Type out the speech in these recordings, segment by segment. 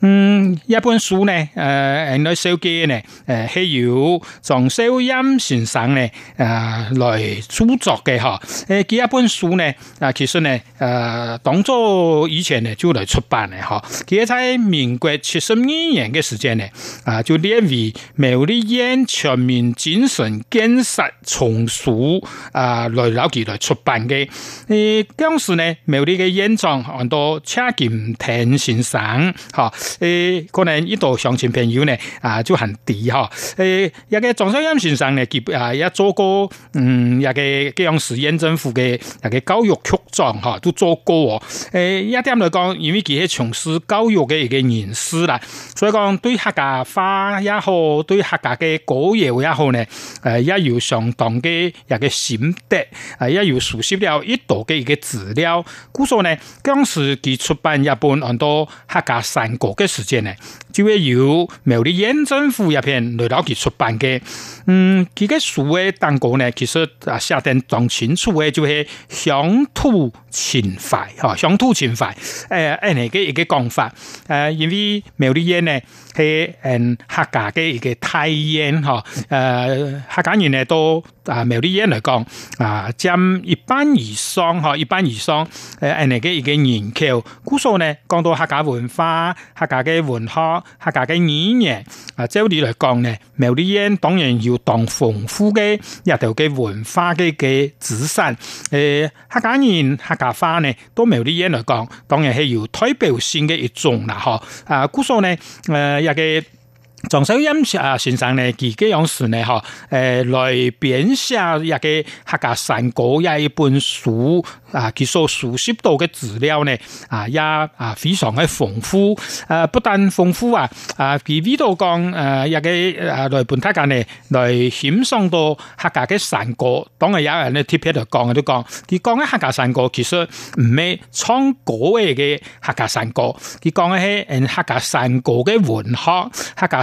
嗯，一本書呢，誒、嗯，係嗰首歌呢，誒、啊，是由張少音先生呢，啊，來著作嘅哈。誒，佢一本書呢，啊，其實呢，誒、啊，當作以前呢就嚟出版嘅哈。佢喺民國七十二年嘅時間呢，啊，就列為苗栗縣全民精神建設叢書啊，來攞嚟來出版嘅。誒、啊，當時呢，苗栗嘅縣長係到車劍平先生，哈。誒、欸，可能呢度鄉親朋友呢，啊，就很低嗬。誒、哦，也個中山音樂生呢，亦啊也做過，嗯，也個嘅樣是縣政府嘅一個教育局長，哈，都做過，哦。誒、欸，一點嚟講，因為佢係從事教育嘅一個人士啦，所以講對客家話也好，對客家嘅古謠也好呢，誒，也有相當的一個心得，誒，也有熟悉了一多嘅一個資料。據說呢，當時佢出版一本《到客家山歌》。個時間呢，就會有苗栗縣政府入邊嚟到佢出版嘅。嗯，佢嘅書嘅當局呢，其實啊，下定當清楚誒，就係鄉土情懷。嚇，鄉土情懷誒，誒，嚟個一個講法，誒、呃，因為苗栗縣呢，係誒客家嘅一個大縣，嚇、呃，誒，客家人呢，都啊苗栗縣來講啊，佔一半以上。嚇、呃，一半以上誒，誒、呃，嚟個一個人口。故所呢，講到客家文化，客客家嘅文化，客家嘅語言，啊，即係照理嚟講咧，苗啲煙當然要當豐富嘅，入到嘅文化嘅嘅滋生，誒、呃，客家人客家話呢，都苗啲煙嚟講，當然係有代表性嘅一種啦，嗬，啊，故說呢，誒、呃，入嘅。從啊音上呢，佢幾樣事呢？哈、呃，誒，來編寫一個客家山歌嘅一本書，啊，佢所熟悉到嘅資料呢，啊，也啊非常嘅豐富。啊不但豐富啊，啊，佢呢度講，誒、啊，一個誒來本他講呢，來欣賞到客家嘅山歌。當然有人呢貼皮嚟講，都講佢講嘅客家山歌其實唔係唱歌嘅客家山歌，佢講嘅係誒客家山歌嘅文學，客家。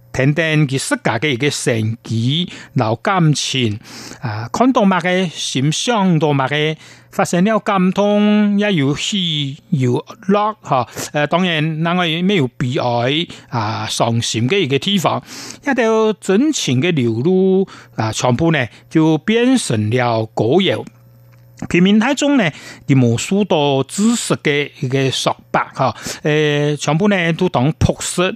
評定佢世界嘅一個成績、勞感情，啊，看到乜嘅、閃傷到乜嘅，發生了感通，也有喜有樂。哈，誒，當然，嗱我亦沒有悲哀啊，傷心嘅一個地方，一到真情嘅流露啊，全部呢就變成了過油。平民大眾呢，冇許多知識嘅一個說白哈，誒、啊，全部呢都當樸實。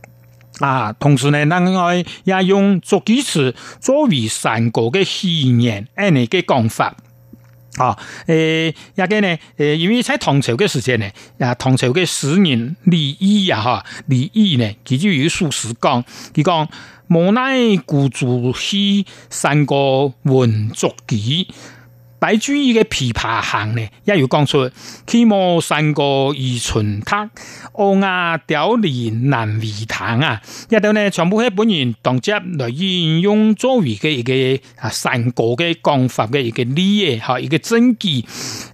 啊，同時呢，另外也用作句子作為三國的虛言，誒，你嘅講法，啊，誒，一個呢，誒，因為喺唐朝嘅時間呢，啊，唐朝嘅詩人李益啊，哈，李益呢，佢就有首詩講，佢講無奈故注西，三國文作句。白居易嘅《琵琶行》呢、啊，也有講出，豈無山歌與村笛，嘔啞嘲哳難為聽啊！一度呢，全部喺本人當接來運用作為嘅一個啊山歌嘅講法嘅一個理嘅吓一個真據。誒、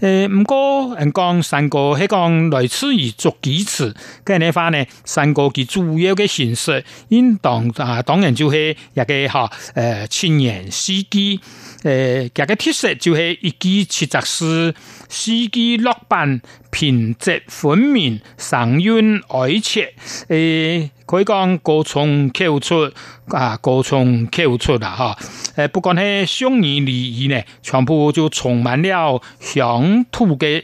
呃，唔過人講山歌係講類似於作幾次，咁你話呢？山歌嘅主要嘅形式，因當啊當然就係一個吓誒青年司機。呃誒，夾嘅特色就係一枝七十四，四季落瓣，品質分明，神韻哀切。誒，可以講高唱跳出，啊，高唱跳出啦，吼、哦，誒，不管係雙人禮儀呢，全部就充滿了鄉土嘅。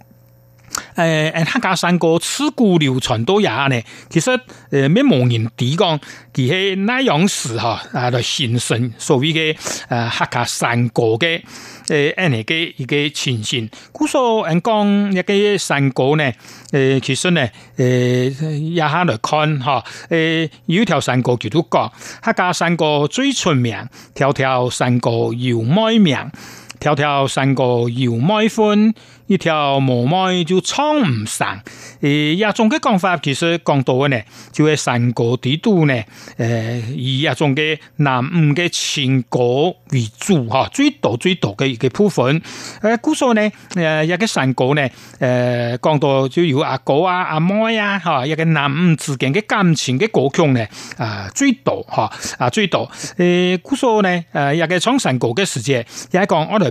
誒、呃、誒，客家山歌自古流傳多也呢。其實誒咩茫人地方，其實那樣時哈嚟、啊呃、形成所謂嘅誒客家山歌嘅誒，呃、一個一個情形。故說人講一、這個山歌呢，誒、呃、其實呢，誒一下來看哈，誒、啊、有、呃、一條山歌叫做講客家山歌最出名，條條山歌有妹名。條條山歌有妹名，一條冇妹就唱唔上。而、呃、呢種嘅講法其實講到呢，就係山歌地圖呢，誒、呃、以呢種嘅男女嘅前國為主哈，最多最多嘅一個部分。誒、呃，故說呢，誒呢個山歌呢，誒、呃、講到就有阿哥啊、阿妹啊，哈呢個男女之間嘅感情嘅溝通呢，啊最多哈，啊最多。誒、啊呃、故說呢，誒呢個唱山歌嘅時間，一講我哋。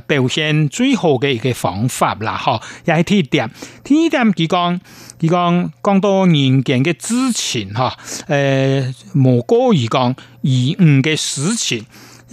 表現最好的一個方法啦，吓，也係一點。第一點，佢講，佢講講到人間嘅事情，哈、呃，誒，無過於講疑誤嘅事情。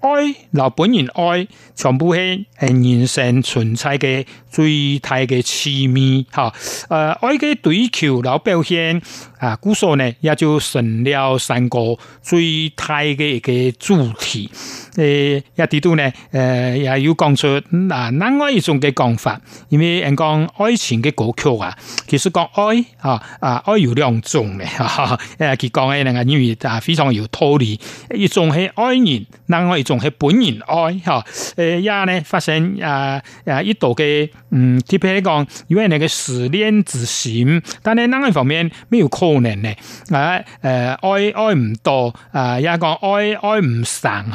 愛、呃、老本人愛、呃，全部係係人生存在嘅最大嘅痴迷，哈，呃，愛嘅追求老表現。啊，故所呢也就成了三個最大嘅一個主題。誒、欸，也啲都呢，誒、呃，也有講出、嗯，啊，另外一種嘅講法？因為人講愛情嘅歌曲啊，其實講愛，啊啊，愛有兩種嘅，誒，佢講呢個因為啊非常有道理，一種係愛人，另外一種係本人愛，吓、啊，誒，也呢發生啊啊，一度嘅，嗯，特別講，因為那個思念之心，但係另外方面沒有當然愛唔到啊一個愛愛唔成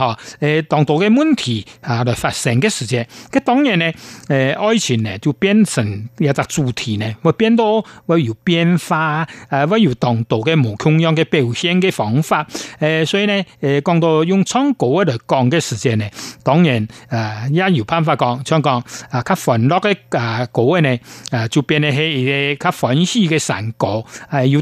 當道嘅問題啊嚟發生嘅事情，咁當然咧，誒愛情咧就變成一隻主題咧，會變到，會有變化，誒會有當道嘅唔同樣嘅表現嘅方法，誒所以咧，誒講到用唱歌嚟講嘅事情咧，當然啊也有辦法講唱歌，啊較歡樂嘅啊歌咧，啊就變得係一個較歡喜嘅成果，係要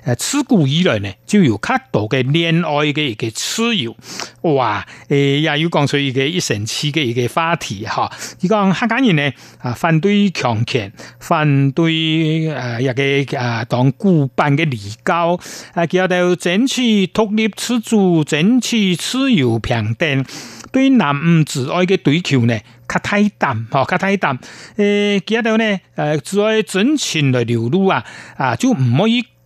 啊，自古以來呢，就有較多的戀愛的一個自由，哇！誒、欸，也要講出一個一神奇的一個話題哈。而講香港人呢，啊，反對強權，反對啊，一個啊、呃，當古板的禮教，誒、啊，叫做爭取獨立自主，爭取自由平等。對男女之愛的追求呢，較大膽，吓、哦，較大膽。誒、欸，叫做呢，誒、呃，在真情的流露啊，啊，就唔可以。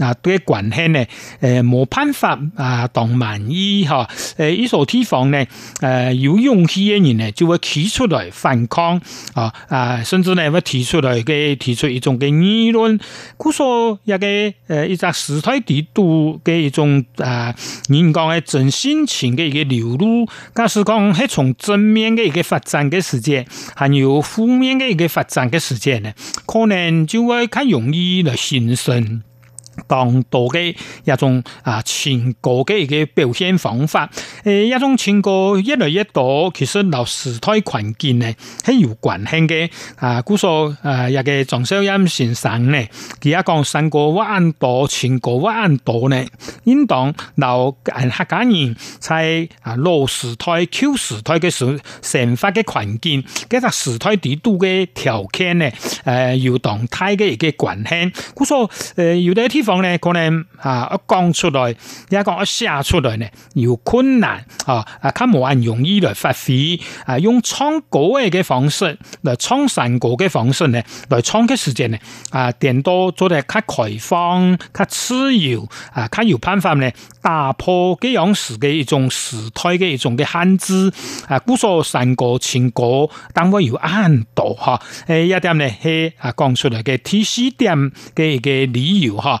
嗱、啊，對管起呢，呃，沒辦法啊，當萬意哈。誒、啊，一所提防呢，呃，有勇氣的人呢，就會起出來反抗，啊啊，甚至呢，會提出來，給提出一種的議論，可說一個，呃，一個時代地度的一種啊，人講嘅真性情的一個流露，但是講係從正面的一個發展的時間，還有負面的一個發展的時間呢，可能就會較容易嚟形成。當度嘅一種啊，唱歌嘅一個表現方法，誒，一種唱歌越來越多，其實老時代環境咧係有關係嘅，啊，故說啊，一個張小燕先生咧，佢一講唱歌彎道，唱歌彎道咧，應當鬧客家人在啊老時代 Q 時代嘅成成法嘅環境，跟住時代地度嘅條件咧，誒、啊，有動態嘅一個關係，故說誒、呃，有啲地方。講咧可能啊，一講出來，而講一寫出來咧有困難啊、哦，啊，冇人容易嚟發揮啊，用唱歌嘅方式，來唱山歌嘅方式咧，來唱嘅時間咧啊，點多做得較開放，較自由啊，較有辦法咧打破呢樣式的一種時代嘅一種嘅限制啊，故說山歌情歌，但我有難度哈，誒，一點咧係啊，講出嚟嘅提示點嘅個理由哈。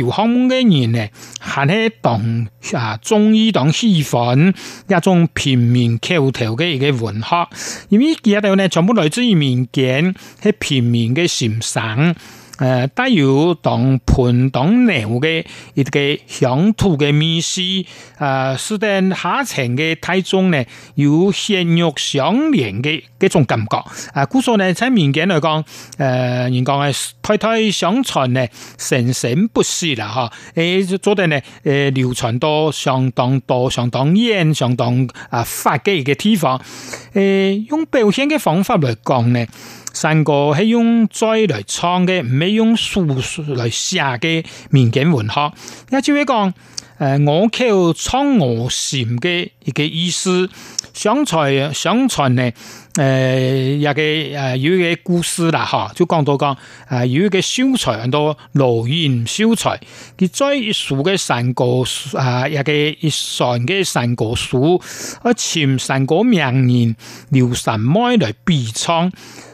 客家嘅人呢，係喺當啊中醫同西醫份，一種平民口頭嘅一個文學，因為呢喺度咧全部來自於民間，係平民嘅心聲。帶、呃、有同盤同流嘅一個鄉土嘅意思，使、呃、得下層的大眾有血肉相連的這種感覺。啊、呃，故說呢民間嚟講、呃，人家嘅代代相傳生生不息誒，做、呃、誒、呃，流傳到相當多、相當遠、相當啊，發跡嘅地方。誒、呃，用表現的方法來講山歌係用栽來唱嘅，唔係用書來寫嘅。民間文學，一朝起講，誒，我叫創我禪嘅一個意思。相傳相傳呢，誒、呃，有嘅誒有嘅個故事啦，吓，就講到講，啊，有一個秀才安到羅隱秀才，佢栽樹嘅山歌，啊，有嘅一山嘅山歌書，我前山歌名人劉三妹嚟比唱。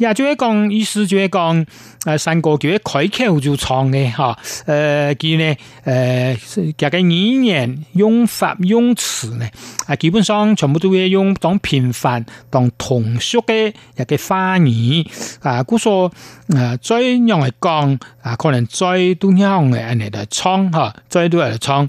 也就會講，意思就會講，啊，山歌就開口就唱嘅，哈、啊，誒，佢呢，誒、呃，一個語言，言，用法用詞呢，啊，基本上全部都會用當平凡，當通俗嘅一個話語，啊，故說，啊，再用嚟講，啊，可能再都啱嘅人嚟到唱，哈、啊，再都來到唱。啊